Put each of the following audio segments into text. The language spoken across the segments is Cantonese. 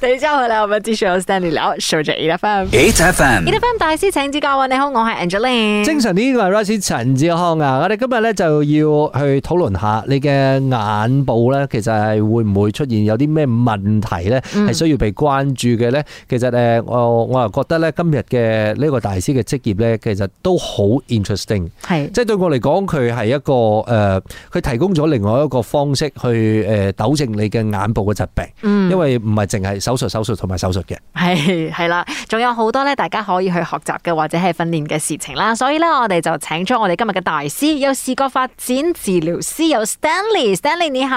大家好啦，我哋繼續有 Stanley 聊，收着 8FM，8FM，8FM 大師請指教啊！你好，我係 Angelina，精神啲嘅係 Russi 陳志康啊！我哋今日咧就要去討論下你嘅眼部咧，其實係會唔會出現有啲咩問題咧，係需要被關注嘅咧？其實誒，我我又覺得咧，今日嘅呢個大師嘅職業咧，其實都好 interesting，係，即係對我嚟講，佢係一個誒，佢提供咗另外一個方式去誒糾正你嘅眼部嘅疾病，嗯，因為唔係淨係。手術、手術同埋手術嘅，係係啦，仲有好多咧，大家可以去學習嘅或者係訓練嘅事情啦。所以咧，我哋就請出我哋今日嘅大師，有視覺發展治療師，有 St Stanley，Stanley 你好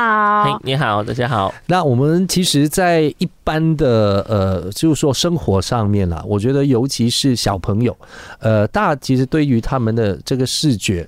，hey, 你好，大家好。那我們其實，在一般的，呃就是說生活上面啦，我覺得尤其是小朋友，呃大其實對於他們的這個視覺。